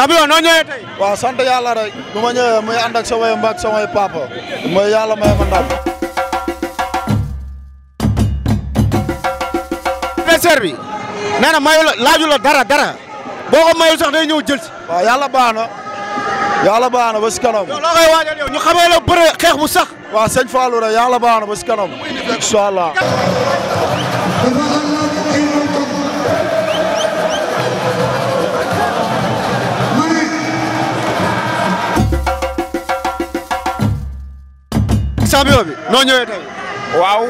Champion noo ñëwee tey. waaw sant yàlla rek bu ma ñëwee muy ànd ak samay mbag samay papa mooy yàlla may ma ndam. adversaire bi nee na mayu la laaju la dara dara boo ko sax day ñëw jël si. waaw yàlla baax na yàlla baax na ba si ñu xamee la bëre xeex bu sax. waaw sëñ Fallou rek yàlla baax na ba si kanam. incha champion bi noo ñëwee tey. waaw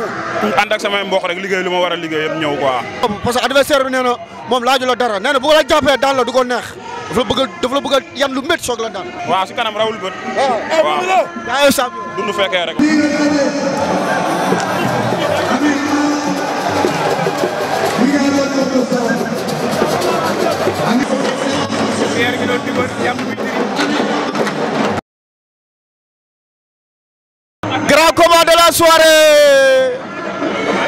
ànd ak samay rek liggéey lu ma war a liggéey yëpp ñëw quoi. parce que adversaire bi nee na moom laaju la dara nee na bu la jàppee daan la du ko neex daf la bëgg a daf la lu métti soog la daan. waa si kanam rawul bët. Eh, eh, waaw waaw. dund fekee rek. soirée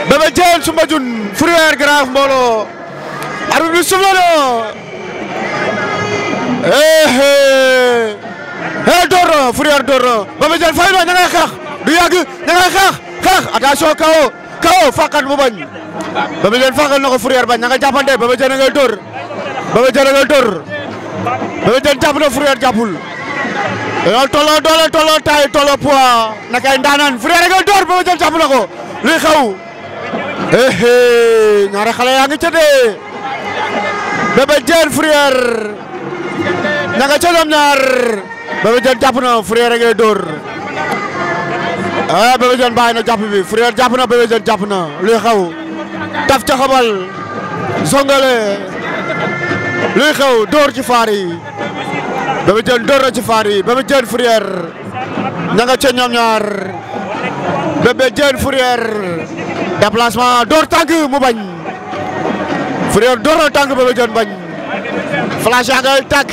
Bébé Diène Soumbédioune Fourrière Grand Mbolo arbitre bi soufflé na eh, eh eh door na Fourrière door na Bébé Diène fay na ña ngay xeex du yàgg ña ngay xeex xeex attention kawo kawo fàqat mu bañ Bébé Diène fàqal na ko Fourrière bañ ña nga jàppante Bébé Diène ngay door Bébé Diène ngay door Bébé Diène jàpp na Fourrière jàppul loolu tolloo doole tolloo taay tolloo poids nag ay door ba jël jàpp na ko luy xaw ñaari xale yaa ngi ca dee Bébé Diène Fourrière ña nga ñaar Bébé Diène jàpp na Fourrière ngay door ah Bébé Diène bàyyi na jàpp bi Fourrière jàpp na Bébé Diène jàpp na luy xaw taf ca xabal luy xaw door ci faar Bébé Diène door na ci faar yi Bébé Diène Fourrière ña nga ca ñoom ñaar Bébé Diène Fourrière door tànk mu bañ Fourrière door na tànk Bébé Diène bañ flash yaa ngay tàkk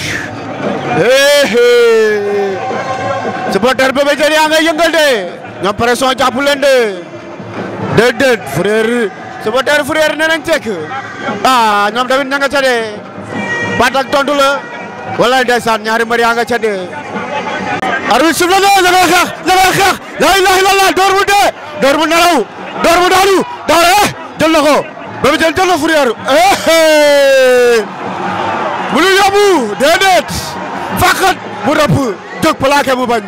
éé eh, eh, supporter Bébé Diène yaa ngay de ñoom pression jàpp leen de déedéet Fourrière supporter Fourrière nee nañ tekk ah ñoom tamit ña nga ca de baat ak la wallaay ndeysaan ñaari mbër yaa nga ca dee arbitre suuf la nee ña ngay laa ilaaha door mu dee door mu nelaw door mu daanu daara eh jël na ko ba mu jël jël na fourrière mu eh, eh. lu yóbbu déedéet fàqat mu rëpp jóg plaqué mu bañ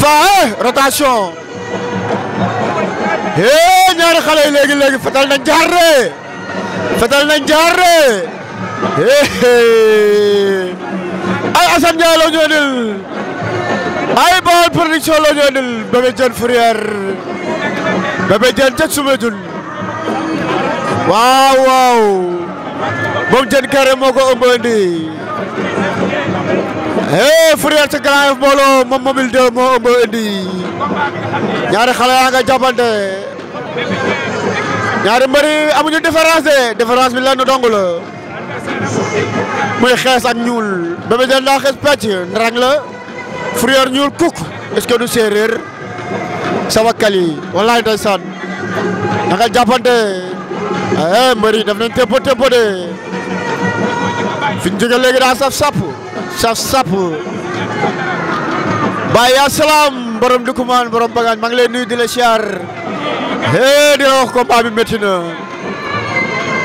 faa eh, rotation eh ñaari xale yi léegi léegi fetal nañ jaar ree fetal nañ ree ay Assane Ndiaye la ñoo dil ay Baol production la ñoo dil Bébé Diène Fourrière Bébé Diène ca Soumbédioune waaw waaw moom Diène Kairé moo ko ëmbandi hey Fourrière ca Grand Yoff mbooloo moom mobile 2 moo ëmbandi ñaari xale nga jàppante ñaari mbëri amuñu différence de bi lenn dong la mooy xees ak ñuul Bébé Diène daa xees pecc ndarang la Fourrière ñuul kuk est-ce du séeréer sama kali wallaay ndeysaan da nga jàppante eh mbër yi daf nañ tëpp tëpp de fi ñu jóge léegi daa saf sap saf sap Baye Assalam borom Dukumaan borom Bagaañ maa ngi lay nuyu di la siyaar eh di la wax bi métti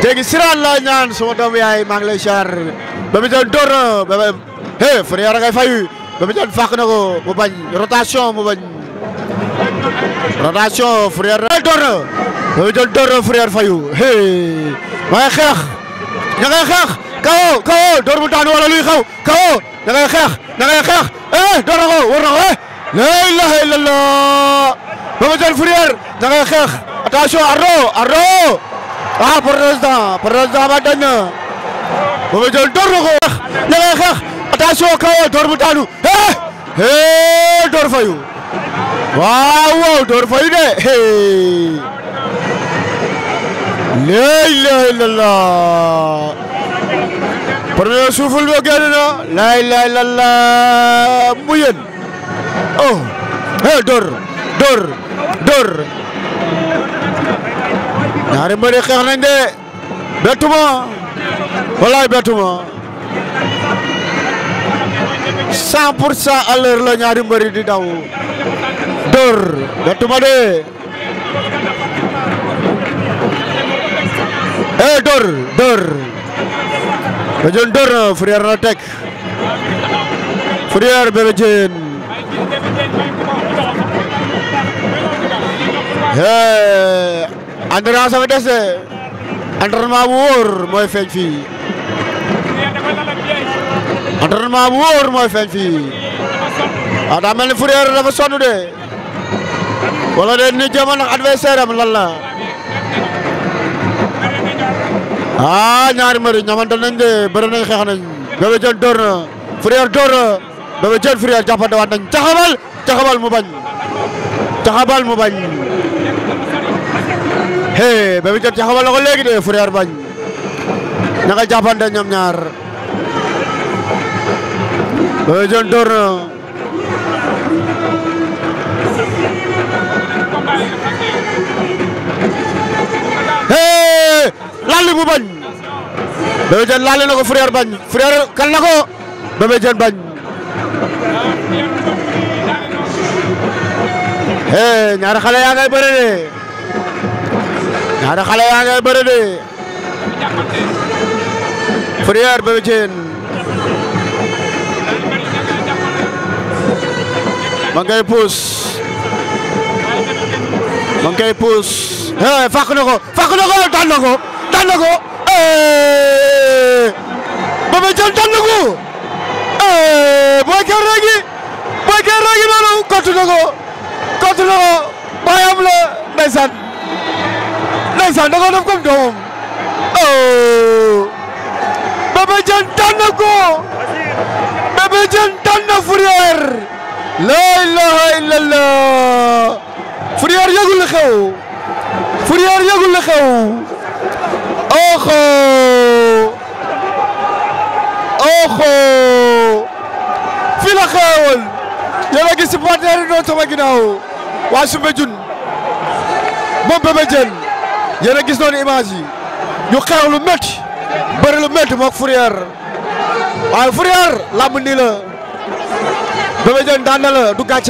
tegi siraan laa ñaan sama doomu yaay maa ngi lay siyaar ba mu doon door na ba he Fournière ngay fayu ba mu doon fàq na ko mu bañ rotation mu bañ rotation Fournière ngay na ba mu doon door na Fournière fayu he ma ngay xeex ña ngay xeex kawo kawo door mu daan wala luy xaw kawo ña ngay xeex ña ngay xeex eh na ko war na ko eh la ilaha illallah ba mu doon Fournière ña ngay xeex attention Ardo Ardo ah président président ba dañ na ba ma jël door na ko wax da ngay xeex attention kaw door bu daanu hee door fayu waaw waaw door fayu de hee laa ilaaha illallah premier suuful na laa ilaaha illallah mu hee oh. door door door ñaari mbëri xeex nañ de bettuma walaay bettuma cent pour cent à la ñaari mbëri di daw dóor bettuma de eh dóor dóor Bébé Diène dóor na Fourrière na teg Fourrière endurance sama des de entraînement bu wóor mooy feeñ fii entraînement bu wóor mooy feeñ fii waaw ah, daa mel ni Fourrière dafa sonn de wala de ni jéem a ndax adversaire am lan ah, ñaari mbër ñamante nañ de bëri xeex nañ Bébé Diène na Fourrière door na Bébé Diène Fourrière jàppante waat nañ caxabal caxabal mu bañ caxabal mu bañ. hee Bébé Diène taxawal na ko léegi de Fourrière bañ ña nga jàppante ñoom ñaar Bébé Diène door na hee bu bañ Bébé Diène na ko Fourrière bañ Fourrière kal na ko Bébé bañ hee ñaar xale yaa ngay bëre de ñaari xale yaa ngay bëre de Fourrière Bébé Diène ma puus ma ngay puus eh fàq na ko fàq na ko daan na ko daan na ko eh Bébé Diène daan na ko eh booy gerte gi booy gerte ndeysaan da ko def comme doomam oh Bébé Diène tànn na ko Bébé Diène tànn na Fourrière la ilaha illallah Fourrière yëgul li xew Fourrière yëgul li xew oxo oxo fii la xewoon yéen a gis supporter yi noonu sama ginnaaw waa Soumbédioune moom Bébé Diène yéen a gis noonu image yi ñu xeex lu métti bëri lu métti moog Fourrière waaye Fourrière làmb nii la Bébé Diène daan na la du gàcce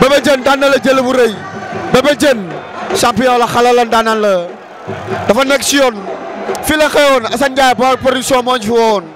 Bébé Diène daan la jël bu rëy Bébé Diène champion la xale la daanaan la dafa nekk si yoon fii la xewoon Assane Ndiaye Baol